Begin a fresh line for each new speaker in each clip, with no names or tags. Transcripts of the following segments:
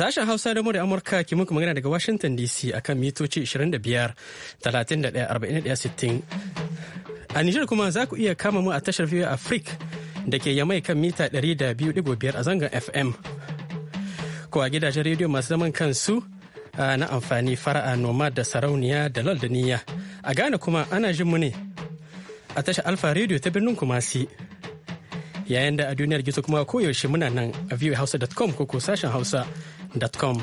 Sashen Hausa da Murya Amurka ke muku magana daga Washington DC akan mitoci 25 31 60. A Nijar kuma za ku iya kama mu a tashar VOA Afirik da ke yamai kan mita 200.5 a zangon FM. Ko a gidajen rediyo masu zaman kansu na amfani fara'a noma da sarauniya da lal da niyya. A Ghana kuma ana jin mu ne a tashar Alfa rediyo ta birnin Kumasi. Yayin da a duniyar gizo kuma koyaushe muna nan a viewhouse.com ko ko sashen Hausa. hausa.com.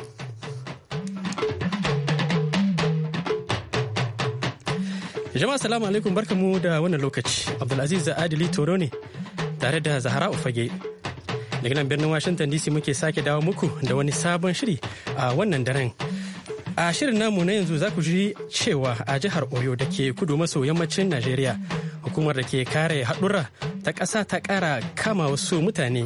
Jama'a salamu alaikum mu da wannan lokaci. Abdulaziz Adili Toro ne tare da Zahara Ufage. Daga nan birnin Washington DC muke sake dawo muku da wani sabon shiri a wannan daren. A shirin namu na yanzu za ku ji cewa a jihar Oyo da ke kudu maso yammacin Najeriya, hukumar da ke kare haɗura ta ƙasa ta ƙara kama wasu mutane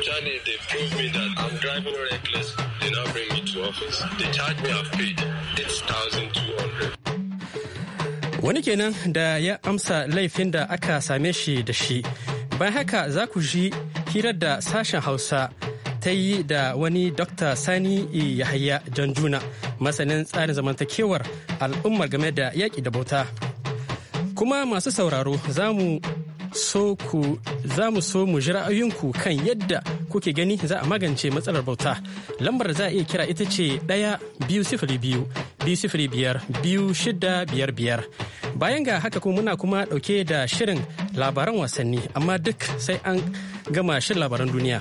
Actually, they proved me that I'm driving reckless. They now bring
me to office. They charge me I've paid 6,200.
Wani kenan da ya amsa laifin da aka same shi da shi. Bayan haka za ku ji hirar da sashen Hausa ta yi da wani Dr. Sani Yahaya Janjuna, masanin tsarin zamantakewar al'ummar game da yaƙi da bauta. Kuma masu sauraro za mu so ku za mu so mu ji ra'ayinku kan yadda kuke gani za a magance matsalar bauta. Lambar za a iya kira ita ce ɗaya biyu sifili biyu biyu sifili biyar biyu shida biyar biyar. Bayan ga haka kuma muna kuma ɗauke da shirin labaran wasanni amma duk sai an gama shirin labaran duniya.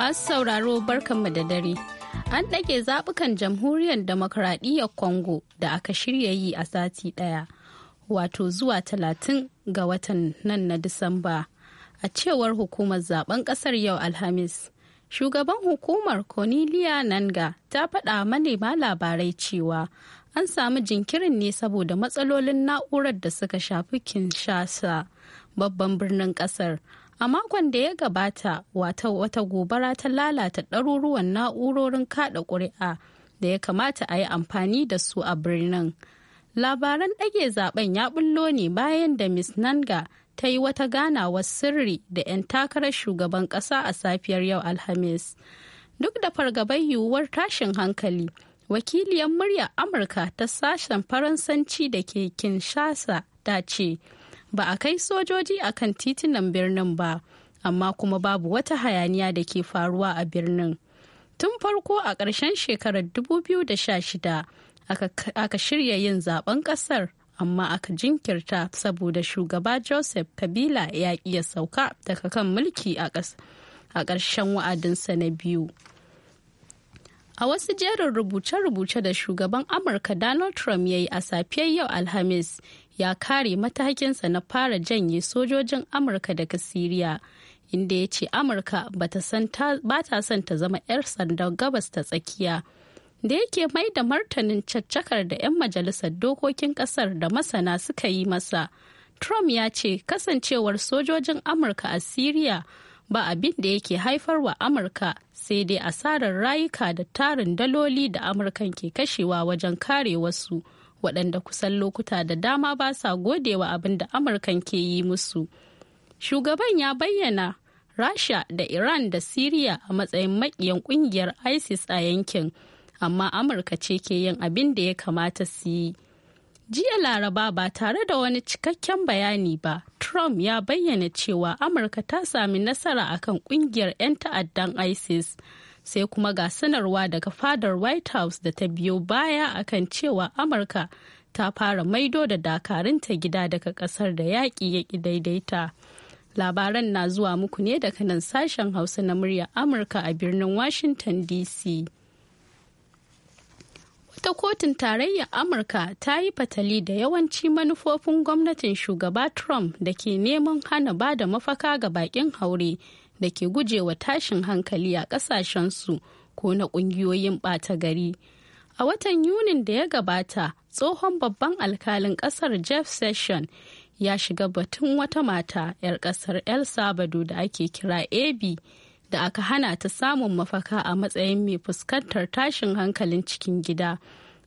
Masu sauraro barkanmu da dare. an ɗage zaɓukan jamhuriyar demokradiyyar congo da aka shirya yi a sati ɗaya wato zuwa talatin ga watan nan na disamba a cewar hukumar zaben ƙasar yau alhamis shugaban hukumar cornelia nanga ta faɗa manema labarai cewa an samu jinkirin ne saboda matsalolin na'urar da suka shafi kinshasa babban birnin ƙasar A makon da ya gabata wata wata gobara ta lalata ɗaruruwan na'urorin kaɗa ƙuri'a da ya kamata a yi amfani da su a birnin. Labaran ɗage zaben ya bullo ne bayan da Miss Nanga ta yi wata ganawa sirri da 'yan takarar shugaban ƙasa a safiyar yau Alhamis. Duk da fargabar yiwuwar tashin hankali. wakiliyar murya amurka ta sashen faransanci da ke kinshasa ta ce ba a kai sojoji a kan titunan birnin ba amma kuma babu wata hayaniya da ke faruwa a birnin tun farko a ƙarshen shekarar 2016 aka shirya yin zaben ƙasar amma aka jinkirta saboda shugaba joseph kabila ya iya sauka daga kan mulki a ƙarshen wa'adinsa na biyu a wasu jerin rubuce-rubuce da shugaban amurka donald trump ya yi a safiyar yau alhamis ya kare matakinsa na fara janye sojojin amurka daga siriya inda ya ce amurka ba ta son ta zama 'yar sanda gabas ta tsakiya da yake mai da martanin caccakar da 'yan majalisar dokokin kasar da masana suka yi masa trump ya ce kasancewar sojojin amurka a siriya ba abin da yake haifarwa amurka sai dai asarar rayuka da tarin daloli da amurkan ke kashewa wajen kare wasu. waɗanda kusan lokuta da dama ba sa godewa abin da amurkan ke yi musu shugaban ya bayyana rasha da iran da siriya a matsayin maƙiyan ƙungiyar isis a yankin amma amurka ce ke yin abin da ya kamata su yi jiya laraba ba tare da wani cikakken bayani ba trump ya bayyana cewa amurka ta sami nasara akan ƙungiyar 'yan ta'addan isis sai kuma ga sanarwa daga fadar white house da ta biyo baya akan cewa amurka ta fara maido da dakarunta gida daga kasar da yaƙi ya ƙi daidaita labaran na zuwa muku ne daga nan sashen hausa na murya amurka a birnin washington dc ta kotun tarayyar amurka ta yi fatali da yawanci manufofin gwamnatin shugaba trump da ke neman hana ba da mafaka ga bakin haure da ke guje wa tashin hankali a kasashensu ko na kungiyoyin bata gari a watan yunin da ya gabata tsohon babban alkalin kasar jeff session ya shiga batun wata mata 'yar kasar el salvador da ake kira ab da aka hana ta samun mafaka a matsayin mai fuskantar tashin hankalin cikin gida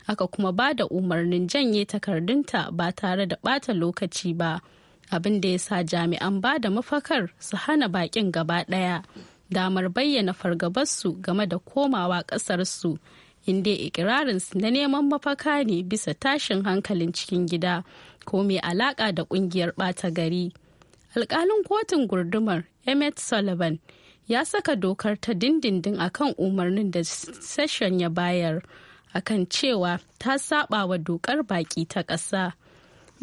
aka kuma ba da umarnin janye takardunta ba tare da bata lokaci ba abin da ya sa jami'an ba da mafakar su hana bakin gaba ɗaya damar bayyana fargabarsu game da komawa ƙasarsu inda ikirarinsu na neman mafaka ne bisa tashin hankalin cikin gida ko mai alaƙa da ƙungiyar ɓata gari alƙalin kotun gurdumar emmett sullivan ya saka dokar ta dindindin akan umarnin da session ya bayar akan cewa ta saba wa dokar baki ta ƙasa.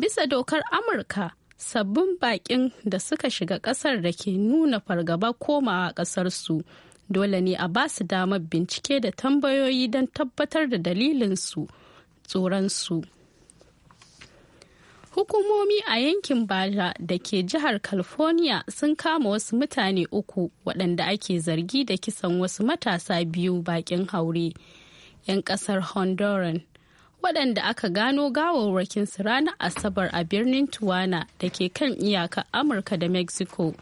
Bisa dokar Amurka, sabbin bakin da suka shiga ƙasar da ke nuna fargaba komawa ƙasarsu dole ne a ba su damar bincike da tambayoyi don tabbatar da dalilinsu tsoronsu. Hukumomi a yankin Baja da ke jihar California sun kama wasu mutane uku waɗanda ake zargi da kisan wasu matasa biyu bakin haure 'yan ƙasar Honduran. waɗanda aka gano gawarwakinsu ranar Asabar a birnin Tuwana da ke kan iyaka Amurka da Mexico.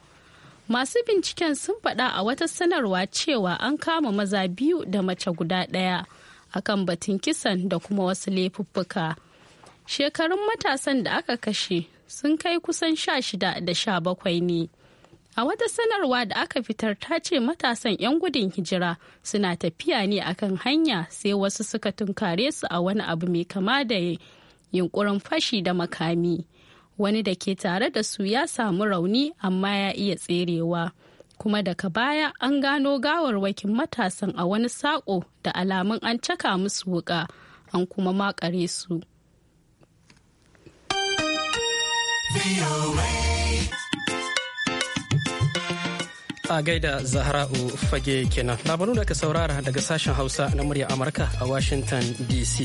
Masu binciken sun faɗa a wata sanarwa cewa an kama maza biyu da mace guda ɗaya akan batun kisan da kuma wasu laifuffuka. shekarun matasan da aka kashe sun kai kusan sha shida da sha bakwai ne a wata sanarwa da aka fitar ta ce matasan 'yan gudun hijira suna tafiya ne akan hanya sai wasu suka tunkare su a wani abu mai kama da yunkurin fashi da makami wani da ke tare da su ya samu rauni amma ya iya tserewa kuma daga baya an gano gawarwakin matasan a wani saƙo da alamun an caka musu wuƙa an kuma makare su.
A gaida Zahra'u fage kenan. Labaru da aka saurara daga sashen Hausa na murya Amurka a Washington DC.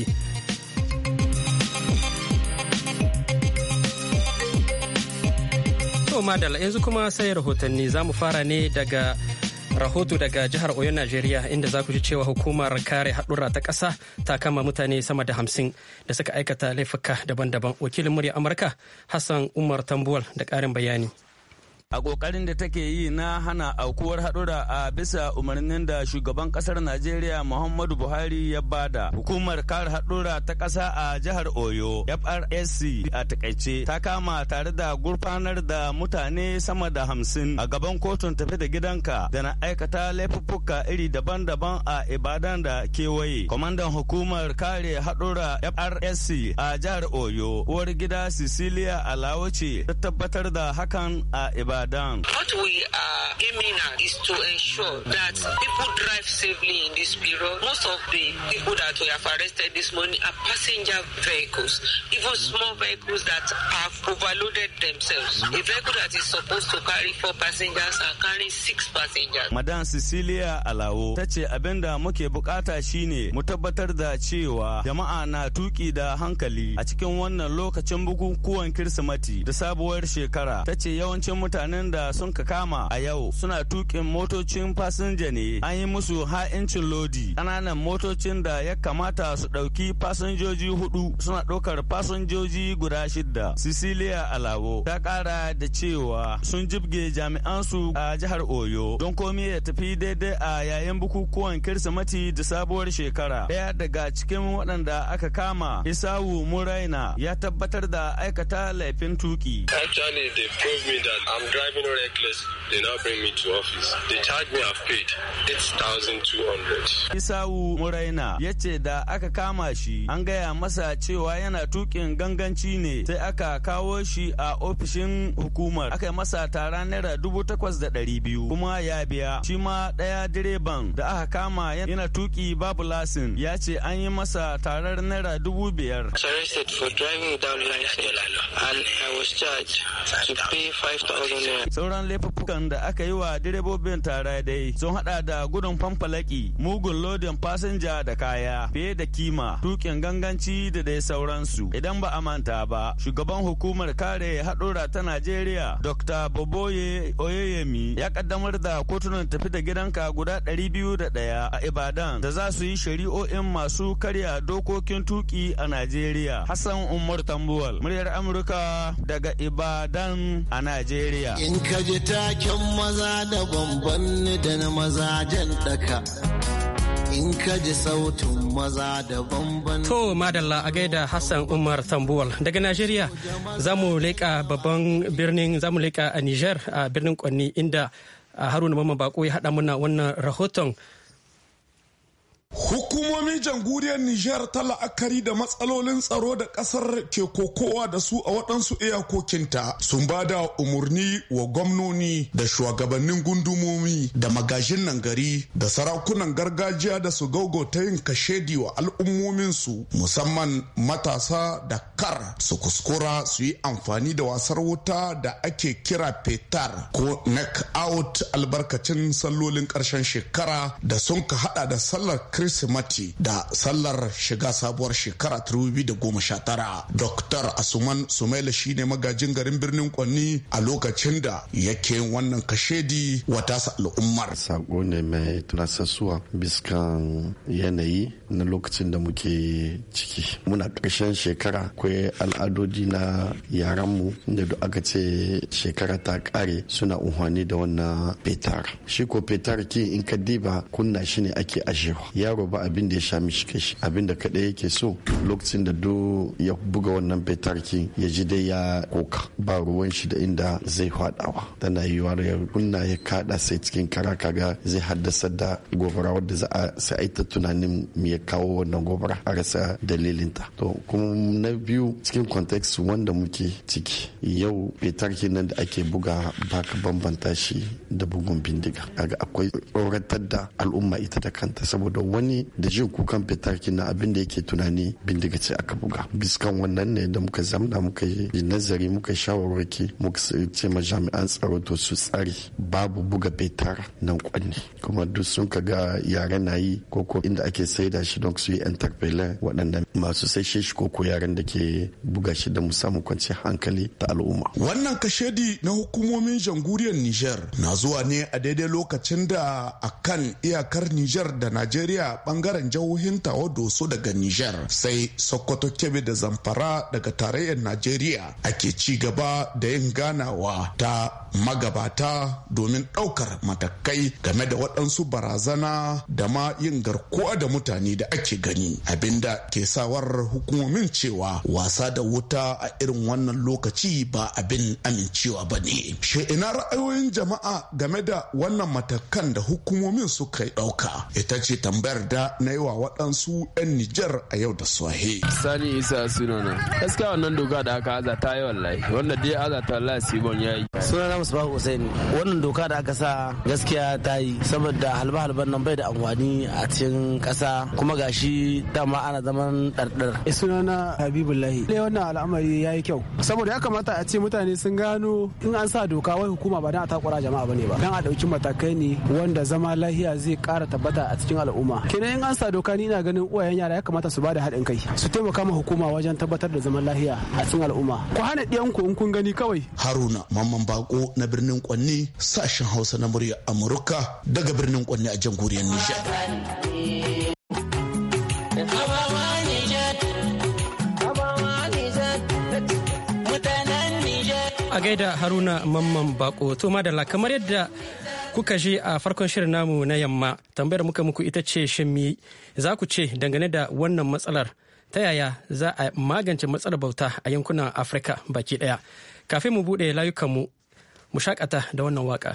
To madala yanzu kuma sai rahotanni za mu fara ne daga rahoto daga jihar oyo najeriya inda za ku ji cewa hukumar kare haɗura ta ƙasa ta kama mutane sama da hamsin da suka aikata laifuka daban-daban wakilin murya amurka hassan umar tambuwal da ƙarin bayani a
kokarin da take yi na hana aukuwar haɗura a bisa umarnin da shugaban ƙasar najeriya muhammadu buhari ya bada hukumar kare haɗura ta ƙasa a jihar oyo frsc a takaice ta kama tare da gurfanar da mutane sama da hamsin a gaban kotun tafi da gidanka da na aikata laifuffuka iri daban-daban a ibadan da kewaye kwamandan hukumar kare haɗura frsc a jihar oyo uwar gida cecilia alawace ta tabbatar da hakan a ibadan down. What we are aiming
at is to ensure that people drive safely in this period. Most of the people that we have arrested this morning are passenger vehicles, even small vehicles that have overloaded themselves. A vehicle that is supposed to carry four passengers are carrying six passengers.
Madam Cecilia Alawo tace ce abin da muke bukata shine mu tabbatar da cewa jama'a na tuki da hankali a cikin wannan lokacin bukukuwan Kirsimati da sabuwar shekara. tace yawancin mutane mutanen da sun ka kama a yau suna tukin motocin fasinja ne an yi musu ha'incin lodi ƙananan motocin da ya kamata su ɗauki fasinjoji hudu suna ɗaukar fasinjoji guda shidda cecilia alawo ta ƙara da cewa sun jibge jami'ansu a jihar oyo don komi ya tafi daidai a yayin bukukuwan kirsimati da sabuwar shekara ɗaya daga cikin waɗanda aka kama isawu muraina ya tabbatar da aikata laifin tuki
Actually, they me that I'm driving
reckless, they now bring me to office. They charge me I've paid 8,200.
Isawu Muraina ya ce da aka kama shi an gaya masa cewa yana tukin ganganci ne sai aka kawo shi a ofishin hukumar aka masa tara naira dubu takwas da ɗari biyu kuma ya biya shi ma ɗaya direban da aka kama yana tuki babu lasin ya ce an yi masa tarar naira dubu biyar. Arrested for
driving without license and I was charged to pay 5,000
Sauran laifukan da aka yi wa direbobin tara dai sun hada da gudun famfalaki, mugun lodin fasinja da kaya, fiye da kima, tukin ganganci da dai sauransu. Idan ba a manta ba, shugaban hukumar kare haɗura ta Najeriya, Dr. Boboye Oyeyemi ya kaddamar da kotunan tafi da gidanka guda ɗari biyu da ɗaya a Ibadan da za su yi shari'o'in masu karya dokokin tuki a Najeriya. Hassan Umar Tambuwal, muryar Amurka daga Ibadan a Najeriya. In ka ji taken
maza da bamban da na maza jan daka. In ka ji sautin maza da
bamban. To madalla a gaida Hassan Umar Tambuwal daga Najeriya za mu leƙa babban birnin za mu leƙa a Nijar a birnin Kwanni inda Haruna Mamman Bako ya haɗa muna wannan rahoton.
Hukumomin jamhuriyar Nijar ta la'akari da matsalolin tsaro da kasar ke kokowa da su a waɗansu iyakokinta sun ba da umarni wa gwamnoni da shugabannin gundumomi da magajin nan gari da sarakunan gargajiya da su gaugauta yin kashedi wa al'ummominsu musamman matasa da kar su kuskura su yi amfani da wasar wuta da ake kira petar ko neck out albarkacin sallolin ƙarshen shekara da sun ka hada da sallar kirsimati da sallar shiga sabuwar shekara 2019 dr asuman sumaila shine magajin garin birnin kwanni a lokacin da
yake wannan kashedi wata al'ummar sako ne mai tunasassuwa biskan yanayi na lokacin da muke ciki muna ƙarshen shekara akwai al'adodi na yaranmu da duk aka ce shekara ta ƙare suna unhwani da wannan fetar shi ko petar ki in ka diba kunna shi ne ake ajewa yaro ba abin da ya sha mishi kashi abin da kaɗai yake so lokacin da do ya buga wannan fetarki ya ji dai ya koka ba ruwan shi da inda zai faɗawa tana yiwuwa ya kunna ya kaɗa sai cikin kara kaga zai haddasa da gobara wadda za a sai ta tunanin mu ya kawo wannan gobara a rasa dalilin ta. to kuma na biyu cikin context wanda muke ciki yau fetarki nan da ake buga baka bambanta shi da bugun bindiga kaga akwai tsoratar da al'umma ita da kanta saboda wani da jin kukan fitaki na abin da yake tunani bindiga ce aka buga biskan wannan ne da muka zamna muka yi nazari muka shawarwaki muka ce ma jami'an tsaro to su tsari babu buga fetar nan kwanne kuma duk sun ka ga yaren na yi koko inda ake saida shi don su yi interpeller waɗannan masu sai shi koko yaren da ke buga shi da musamman kwanci hankali ta al'umma
wannan kashedi na hukumomin jamhuriyar niger na zuwa ne a daidai lokacin da akan iyakar niger da najeriya najeriya bangaren jihohin su daga Nijar sai sokoto kebe da zamfara daga tarayyar najeriya ake ci gaba da yin ganawa ta magabata domin ɗaukar matakai game da waɗansu barazana da ma yin garkuwa da mutane da ake gani abinda ke sawar hukumomin cewa wasa da wuta a irin wannan lokaci ba abin amincewa ba ne ina ra'ayoyin jama'a game da wannan matakan da hukumomin suka ɗauka ita ce tambayar yarda na yi wa waɗansu 'yan Nijar a yau da Swahe.
Sani Isa sunana. Gaskiya wannan doka da aka aza ta yi wallahi wanda dai aza ta wallahi Simon ya yi. Sunana Musbahu Hussein wannan doka da aka sa gaskiya ta yi saboda halba-halban nan bai da amfani a cikin ƙasa kuma gashi dama ana zaman ɗarɗar. Eh, sunana Lahi. ne eh, wannan
al'amari ya yi kyau saboda ya kamata a ce mutane sun gano in an sa doka wai hukuma ba na a takura jama'a ba ne ba dan a ɗauki matakai ne wanda zama lahiya zai ƙara tabbata a cikin al'umma kenan in an sa doka ni na ganin uwayen yara ya kamata su bada haɗin kai su taimaka ma hukuma wajen tabbatar da zaman lafiya a cikin al'umma ku hana ɗiyanku in kun gani kawai haruna mamman bako na birnin kwanni sashen hausa na murya amurka daga birnin kwanni a jamhuriyar nijar
a gaida haruna mamman bako to madalla kamar yadda kuka ji a farkon shirin namu na yamma tambayar muka muku ita ce shin za ku ce dangane da wannan matsalar ta yaya za a magance matsalar bauta a yankunan afirka baki daya kafin mu buɗe layukanmu mu shakata da wannan waka.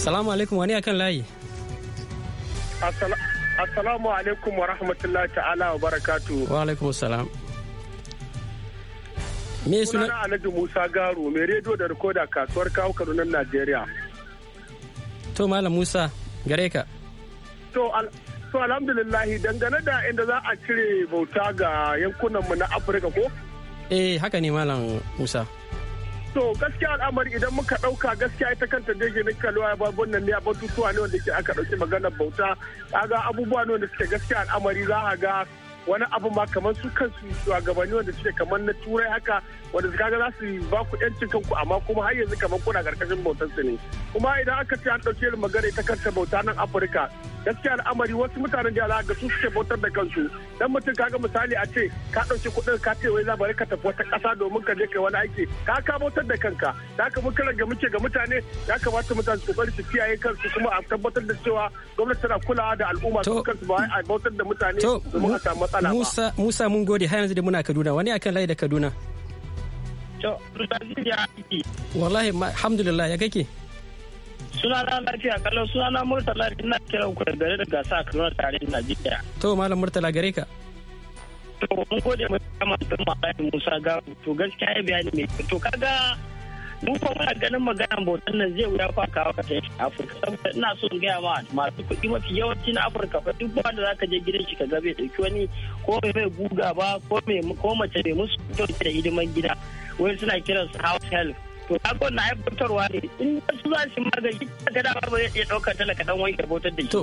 Salamu alaikum wani akan layi. Assalamu
alaikum wa rahmatullahi ta'ala wa barakatu.
Wa alaikum salam.
Me suna? Sunana Alhaji Musa Garu, mai rediyo da rikoda kasuwar kawo Kaduna Najeriya.
To Malam Musa, gare ka.
To to alhamdulillahi dangane da inda za a cire bauta ga yankunanmu na Afirka ko?
Eh haka ne Malam Musa.
To gaskiya al'amari idan muka ɗauka gaskiya ita kanta daidai na kalwa babun nan ne a batutuwa ne wanda ke aka dauki maganar bauta kaga abubuwa ne wanda suke gaskiya al'amari za a ga wani abu ma kamar su kansu shugabanni wanda suke kamar na turai haka wanda su kaga za su ba ku yancin kanku amma kuma har yanzu kamar kuna karkashin bautar su ne kuma idan aka ce an dauke magana ita kanta bauta nan afirka gaskiya al'amari wasu mutanen da ga su suke bautar da kansu dan mutum kaga misali a ce ka ɗauki kuɗin ka ce wai za bari ka tafi wata ƙasa domin ka je kai wani aiki ka ka bautar da kanka da ka mun kira ga muke ga mutane ya kamata mutane su bari su kiyaye kansu kuma a tabbatar da cewa gwamnati tana kulawa da al'umma su kansu ba a
bautar da mutane domin a samu matsala ba Musa Musa mun gode har yanzu da muna Kaduna wani akan layi da Kaduna Wallahi alhamdulillah ya kake
suna na lafiya kallon suna na murtala ina kiran ku da gare da gasa a kanuwa tare da najeriya
to malam murtala gare ka
to mun gode mu kama tun musa ga to gaskiya ya bayani mai to kaga mu fa muna ganin magana bautan nan zai wuya fa kawo ka tafi afirka saboda ina so in gaya ma masu kuɗi mafi yawanci na afirka fa duk ba da zaka je gidan shi ka ga bai ɗauki wani ko mai guga ba ko mace mai musu kyau da hidiman gida wai suna kiransu house help to akwai na haifarwa ne in su za su
magani ka dama babu zai iya ɗaukar talaka dan wanke botar da shi to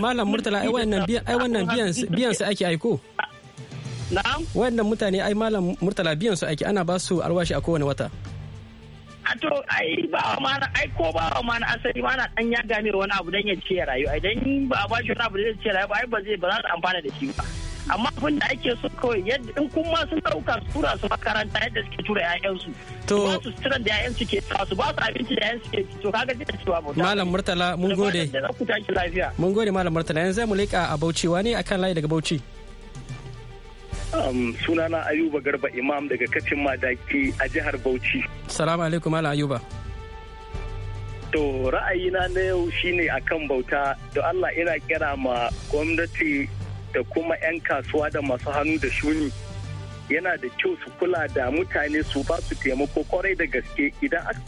malam murtala ai wannan ai wannan biyan su ake aiko na'am wannan mutane ai malam murtala biyan su ake ana ba su alwashi a kowane wata
A to ai ba ma na ai ko ba ma na asali mana na dan ya gamir wani abu dan ya ce rayuwa. ai dan ba ba shi wani abu da zai ce rayuwa ba ai ba zai ba za su amfana da shi ba amma abin da ake so kawai yadda in kun ma sun dauka su tura su makaranta yadda suke tura ƴaƴansu to ba su sutura da ƴaƴan ke sa su ba su abinci da ƴaƴan ke to kaga zai
cewa mu malam
murtala mun gode
mun gode malam murtala yanzu mu leka a Bauchi wani akan layi daga Bauchi
um, sunana ayuba garba imam daga kacin madaki a jihar bauchi
salamu alaikum malam ayuba
to ra'ayina na yau shine akan bauta da allah ina kira ma gwamnati da kuma 'yan kasuwa da masu hannu da shuni yana da kyau su kula da mutane su ba su taimako kwarai da gaske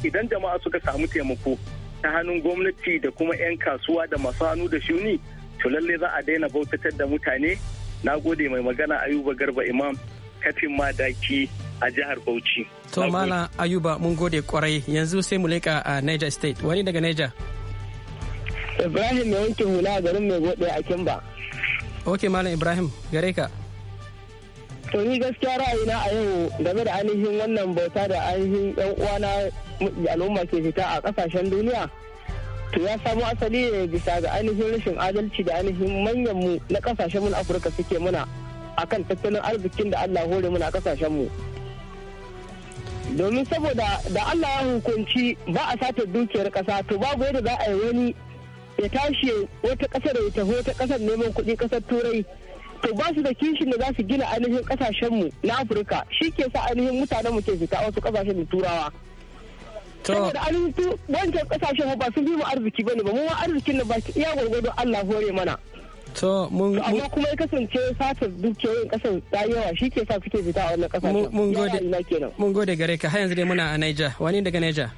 idan jama'a suka samu taimako ta hannun gwamnati da kuma 'yan kasuwa da masu hannu da shuni to lalle za a daina bautatar da mutane na gode mai magana ayuba garba imam kafin madaki a
jihar bauchi to mala ayuba mun gode kwarai yanzu sai mu leka a niger state wani daga niger ibrahim mai wankin hula garin mai gode a kimba ok malam ibrahim gare ka to ni gaskiya ra'ayi na a yau game da
ainihin wannan bauta da ainihin yan uwana al'umma ke fita a kasashen duniya to ya samo asali ne bisa ga ainihin rashin adalci da ainihin manyan mu na kasashen mu na afirka suke muna akan tattalin arzikin da allah hore muna kasashen mu domin saboda da allah ya hukunci ba a sata dukiyar ƙasa to babu yadda za a yi wani ya tashi wata kasar ya tafi wata kasar neman kuɗi kasar turai to ba su da kishin da za su gina ainihin kasashenmu na afirka shi ke sa ainihin mutanen mu ke fita wasu kasashen da turawa saboda ainihin wancan kasashen ba su bi mu arziki bane ba mu ma arzikin da ba su iya gwargwado Allah hore mana to mun amma kuma ya kasance satar dukiyoyin kasar ta yawa shi ke sa suke fita a wannan kasashen mun gode
mun gode gare ka har yanzu dai muna a Niger wani daga Niger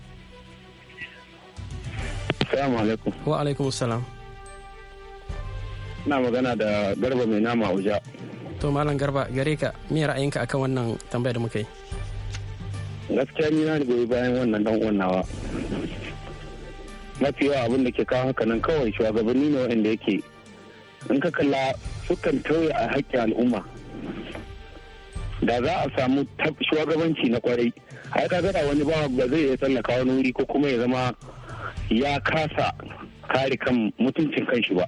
Assalamu Wa alaikum salam.
Ina magana da
Garba mai nama Abuja.
To Malam Garba gare ka me ra'ayinka akan wannan tambayar da muka yi?
Gaskiya ni na goyi bayan wannan dan uwannawa. Mafi yawa abin da ke kawo haka nan kawai shugabanni ne waɗanda yake in ka kalla sukan tauye a haƙƙin al'umma. Da za a samu shugabanci na kwarai, ai ka gada wani ba ba zai iya tsallaka wani wuri ko kuma ya zama ya kasa kare kan mutuncin kanshi ba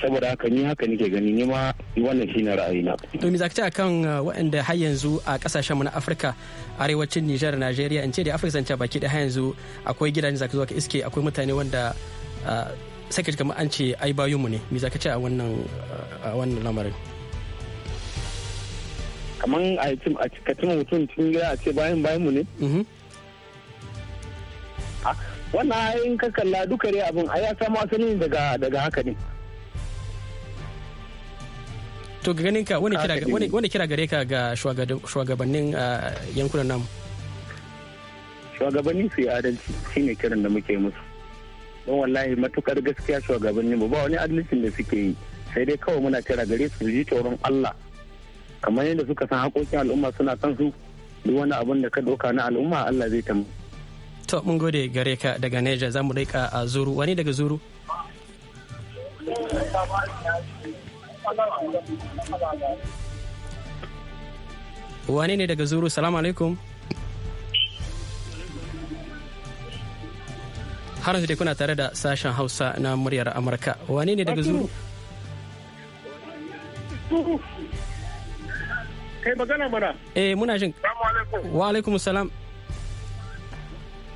saboda haka ni haka nake gani ni ma wannan shine ra'ayina
to mi zaka akan uh, waɗanda har yanzu a kasashen mu na Afirka arewacin Niger Nigeria in ce da Afirka zance baki da har yanzu akwai gidajen zaka zo ka iske akwai mutane wanda uh, sai kaji kamar an ce ai bayu mu ne mi zaka ce a wannan uh, a wannan lamarin
kaman a cikin mutum tun gida a ce bayan bayan mu ne mm-hmm. wannan ayin ka kalla duka dai abin a ya samu asali daga daga haka ne
to ga ganin ka wani kira wani kira gare ka ga shugabannin ah, yankunan namu
shugabanni su yi adalci shine kiran da muke musu don wallahi matukar gaskiya shugabanni ba wani adalcin da suke yi sai dai kawai muna kira gare su ji tsoron Allah kamar yadda suka san haƙoƙin al'umma suna san su duk wani abin da ka doka na al'umma Allah zai tambaye
to mun gode gare ka daga neja za mu daika a zuru wani daga zuru wani ne daga zuru salamu alaikum har yanzu dai kuna tare da sashen hausa na muryar amurka wani ne daga zuru kai magana mana eh muna jin wa alaikum salam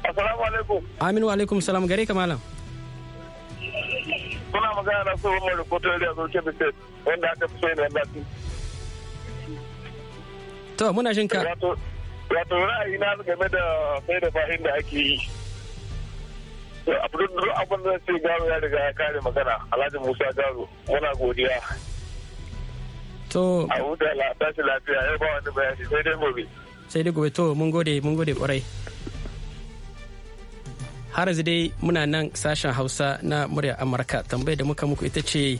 Assalamu alaikum.
Aminu alaikum salam gare ka malam.
Kuna magana na so mu rubuta da zo ke wanda aka fi so ne
To muna jin ka.
Wato ra'ayi na game da sai da fa'in da ake yi. Abdul abin da ce garo ya riga ya kare magana Alhaji Musa Garo muna godiya. To. A huta lafiya ya ba wani bayani sai
dai gobe. Sai dai gobe to mun gode mun gode kwarai. har yanzu dai muna nan sashen hausa na murya amurka tambayar da muka muku ita ce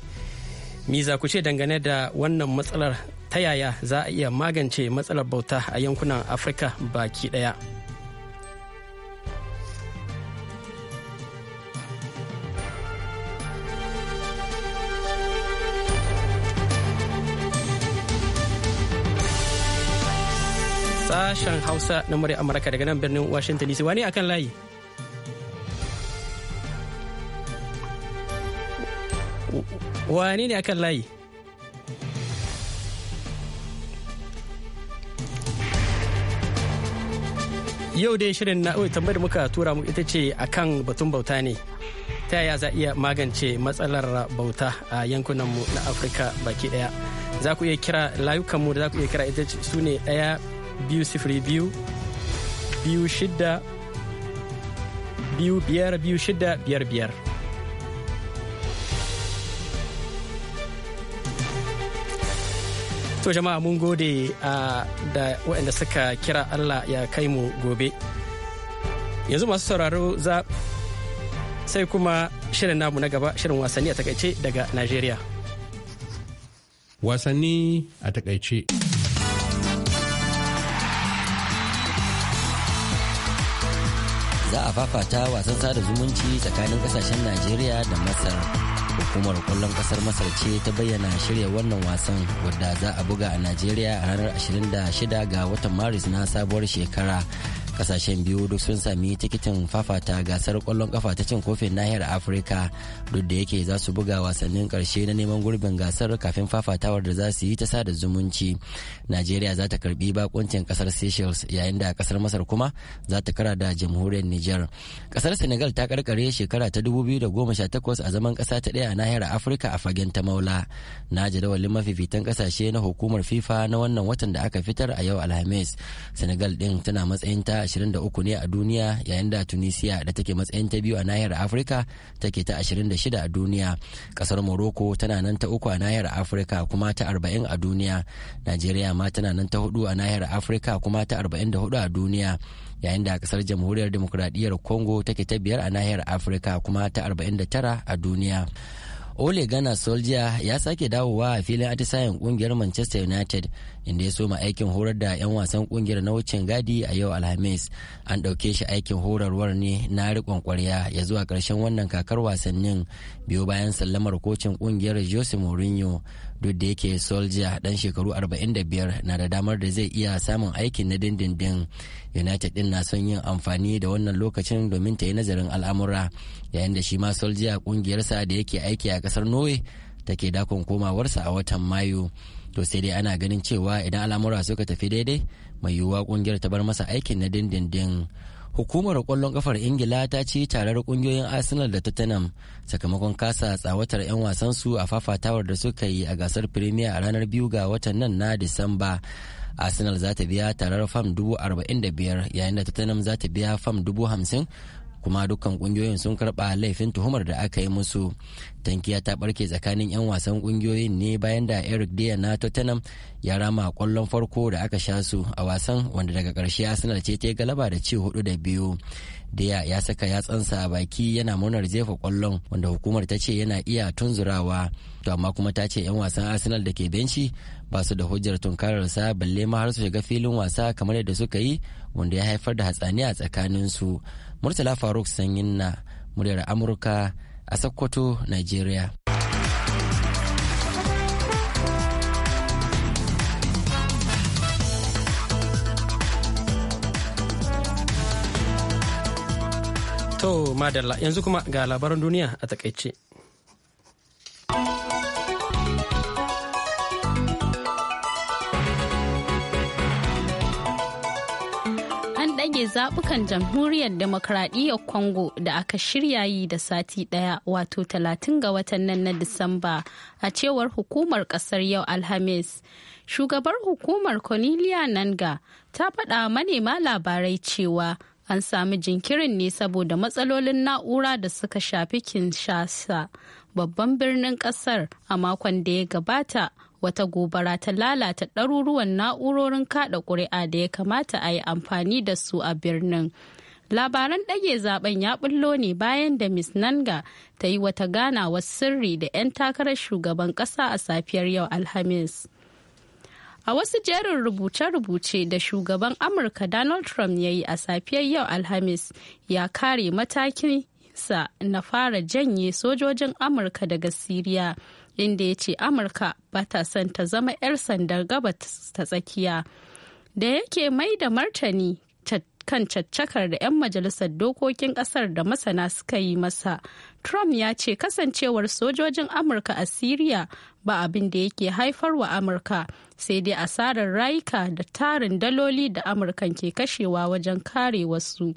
miza za ku ce dangane da wannan matsalar ta yaya za a iya magance matsalar bauta a yankunan afirka baki daya sashen hausa na murya amurka daga nan birnin washington dc wani akan layi wani ne akan layi yau dai shirin na tambayar muka tura mu ita ce akan batun bauta ne ta yaya za iya magance matsalar bauta a yankunanmu na afirka baki daya za ku iya kira layukanmu da za ku iya kira ita ce su ne daya biyu sifiri biyu biyu shida biyu biyar biyu shida biyar biyar to jama'a mun gode da waɗanda suka kira allah ya kai mu gobe yanzu masu sauraro za sai kuma shirin namu na gaba shirin wasanni a takaice daga najeriya
wasanni a takaice za a fafata wasan sada zumunci tsakanin kasashen najeriya da masar hukumar kwallon kasar masar ce ta bayyana shirya wannan wasan wadda za a buga a najeriya a ranar 26 ga watan maris na sabuwar shekara kasashen biyu duk sun sami tikitin fafata gasar kwallon kafa ta cin kofin nahiyar afirka duk da yake za su buga wasannin karshe na neman gurbin gasar kafin fafatawar da za su yi ta sada zumunci najeriya za ta karbi bakuncin kasar seychelles yayin da kasar masar kuma za ta kara da jamhuriyar niger kasar senegal ta karkare shekara ta 2018 a zaman kasa ta daya a nahiyar afirka a fagen ta maula na jadawalin mafifitan kasashe na hukumar fifa na wannan watan da aka fitar a yau alhamis senegal din tana matsayin ta 23 ne a duniya yayin da tunisia da take matsayin ta biyu a nahiyar afirka take ta 26 a duniya kasar morocco tana nan ta uku a nahiyar afirka kuma ta 40 a duniya najeriya ma tana nan ta hudu a nahiyar afirka kuma ta 44 a duniya yayin da kasar jamhuriyar demokuraɗiyyar congo take ta biyar a nahiyar afirka kuma ta 49 a duniya ole gana soldier ya sake dawowa a filin atisayen kungiyar manchester united inda ya soma aikin horar da 'yan wasan kungiyar na wucin gadi a yau alhamis an ɗauke shi aikin horarwar ne na riƙon kwarya ya zuwa ƙarshen wannan kakar wasannin biyu bayan sallamar kocin kungiyar jose mourinho duk da yake soldier dan shekaru 45 na da damar da zai iya samun aikin na dindindin united din na son yin amfani da wannan lokacin domin ta yi nazarin al'amura yayin da shi ma soldier kungiyarsa da yake aiki a kasar norway take dakon komawarsa a watan mayu to sai dai ana ganin cewa idan al'amura suka tafi daidai mai yiwuwa kungiyar ta bar masa aikin na dindindin hukumar kwallon kafar ingila ta ce tarar kungiyoyin arsenal da tottenham sakamakon kasa tsawatar 'yan wasansu a fafatawar da suka yi a gasar premier a ranar biyu ga watan nan na disamba arsenal za ta biya tarar fam 45 yayin da tottenham za ta biya fam 50. kuma dukkan kungiyoyin sun karba laifin tuhumar da aka yi musu tankiya ta barke tsakanin 'yan wasan kungiyoyin ne bayan da eric diya na tottenham ya rama kwallon farko da aka sha su a wasan wanda daga karshe arsenal ce ta galaba da ci hudu da biyu diya ya saka tsansa a baki yana murnar jefa kwallon wanda hukumar ta ce yana iya tunzurawa to amma kuma ta ce 'yan wasan arsenal da ke benci ba su da hujjar tunkararsa balle ma har su shiga filin wasa kamar yadda suka yi wanda ya haifar da hatsaniya tsakanin su murtala faruk sanyin na muryar amurka a sokoto nigeria
To, Madalla, yanzu kuma ga labaran duniya a takaice.
ɗage zabukan jamhuriyar demokradiyyar Congo da aka shirya yi da sati ɗaya wato 30 ga watan nan na Disamba a cewar hukumar ƙasar yau Alhamis. Shugabar hukumar Cornelia Nanga ta faɗa manema labarai cewa an sami jinkirin ne saboda matsalolin na'ura da suka shafi Kinshasa babban birnin kasar a makon da ya gabata wata gobara ta lalata ɗaruruwan na'urorin kada ƙuri'a da ya kamata a yi amfani da su a birnin. Labaran ɗage zaben ya ɓullo ne bayan da Miss Nanga ta yi wata ganawar sirri da 'yan takarar shugaban ƙasa a safiyar yau Alhamis. A wasu jerin rubuce-rubuce da shugaban Amurka Donald Trump ya yi a safiyar yau Alhamis ya kare matakinsa na fara janye sojojin Amurka daga Siriya inda ya ce amurka ba ta son ta zama 'yar sandar gaba ta tsakiya da yake mai da martani kan caccakar da 'yan majalisar dokokin kasar da masana suka yi masa trump ya ce kasancewar sojojin amurka a syria ba abin da yake haifarwa amurka sai dai asarar rayuka da tarin daloli da amurkan ke kashewa wajen kare wasu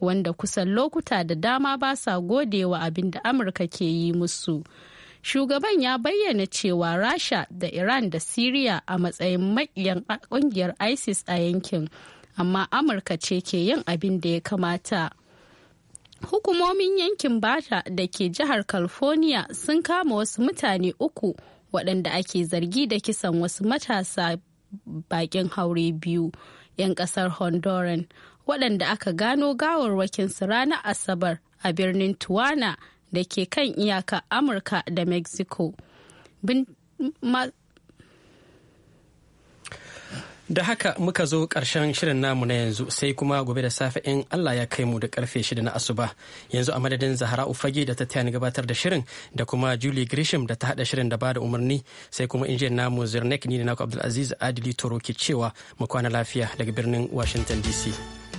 wanda kusan lokuta da dama ba sa gode wa abin da amurka ke yi musu. shugaban ya bayyana cewa rasha da iran da syria a matsayin makiyan kungiyar isis a yankin amma amurka ce ke yin abin da ya kamata hukumomin yankin bata da ke jihar california sun kama wasu mutane uku waɗanda ake zargi da kisan wasu matasa bakin haure biyu 'yan ƙasar honduran waɗanda aka gano gawarwakinsu ranar asabar a birnin tuwana da ke kan iyaka amurka da mexico
da haka muka zo karshen shirin namu na yanzu sai kuma gobe da safe in Allah ya kai mu da karfe shida na asuba yanzu a madadin zahara ufage da ta gabatar da shirin da kuma julie grisham da ta hada shirin da bada umarni sai kuma injin namu zirnek ni da naku abdulaziz adili toro ke cewa mu kwana lafiya daga birnin washington dc